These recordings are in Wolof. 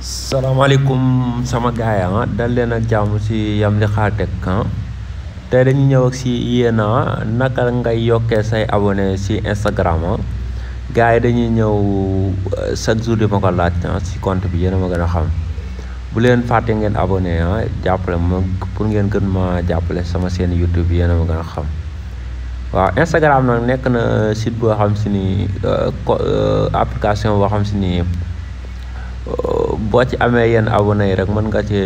salaamaaleykum sama gaay ah dal leen ak jàmm si Yam Li Xaar Tech ah tey dañu ñëw ak si yéen ah naka ngay yokkee say abonné si Instagram ah gars yi dañuy ñëw euh, chaque jour de ma ko laaj ah si compte bi yéen a ma gën a xam bu leen fàtte ngeen abonné ah jàppale ma pour ngeen gën ma jàppale sama seeni YouTube bi yéen a ma gën a xam waaw Instagram nag nekk na sit boo xam si ni euh, euh, application boo xam si ni. boo ci amee yenn abonné yi rek mën nga ci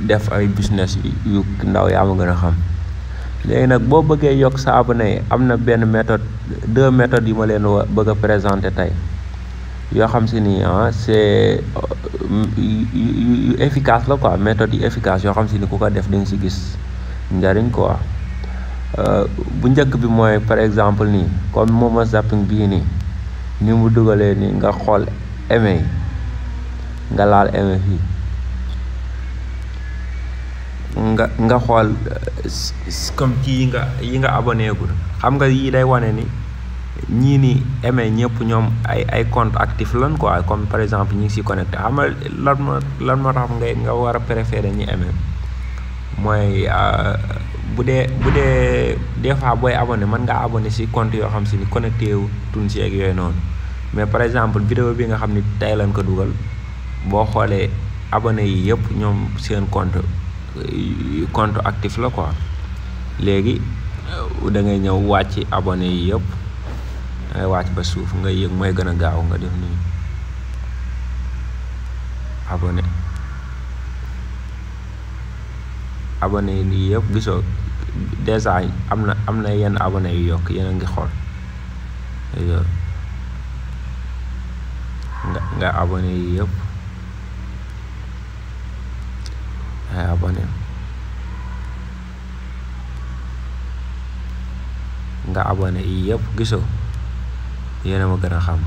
def ay business yu ndaw yaa ma gën a xam léegi nag boo bëggee yokk sa abonné yi am na benn méthode deux méthodes yu eh, ma leen bëgg a présenter tey yoo xam si ni ah c' est yu efficace la quoi méthode yu efficace yoo xam si ni ku ko def di nga si gis njariñ quoi bu njëkk bi mooy par exemple nii comme mooma zapping bii nii ni mu dugalee ni nga xool aimé yi nga laal MF yi nga nga xool euh, comme kii yi nga yi nga abonné xam nga yii day wane ni ñii ni amee ñëpp ñoom ay ay compte actif lan quoi comme par exemple ñi ngi si connecté xam nga lan lan moo tax nga nga war a préféré ñi amee mooy euh, bu dee bu dee des fois booy abonné mën ngaa abonné si compte yoo xam si ni connecté wu tun si ak yooyu noonu mais par exemple vidéo bi nga xam ni tey lan ko dugal boo xoolee abone yi yëpp ñoom seen compte euh, compte actif la quoi léegi euh, dangay ñëw wàcc abone yi yëpp da wàcc ba suuf ngay yëg mooy gën a gaaw nga def nii abone abone yi yëpp gisoo dèjà am na am na yenn abone yu yokk yeneen ngi xool nga nga abonné yi yëpp kayak apa nih nggak apa nih iya gitu iya nama garakam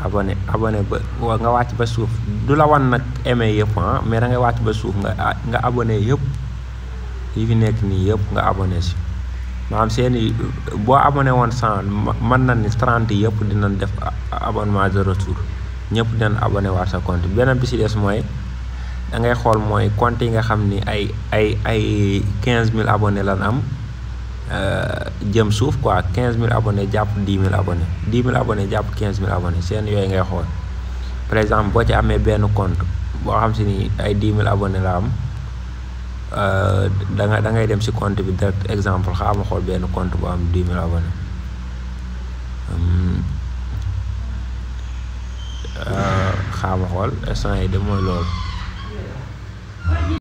apa ne apa ne ba wa nga wacc ba suuf du la wan nak aimé yépp han mais da nga wacc ba suuf nga nga abonné yépp yi fi nekk ni yépp nga abonné ci maam seen boo abonné woon 100 man na ni 30 yépp dinañ def abonnement de retour ñëpp dinañ abonné waat sa compte beneen bi ci des mooy da ngay xool mooy compte yi nga xam ni ay ay ay quinze mille abonnés lan am euh, jëm suuf quoi quinze mille abonnés jàpp dix mille abonnés dix mille abonnés jàpp quinze mille abonnés seen yooyu ngay xool par exemple boo ci amee benn compte boo xam si ni ay dix mille abonnés la am euh, da da ngay dem si compte bi direct exemple xaaral ma xool benn compte bu am dix mille abonnés euh, xaaral ma xool instant yi de mooy loolu.